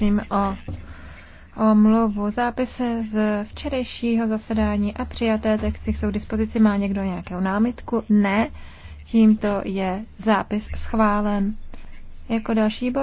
prosím o omluvu. Zápisy z včerejšího zasedání a přijaté texty jsou k dispozici. Má někdo nějakou námitku? Ne. Tímto je zápis schválen. Jako další bod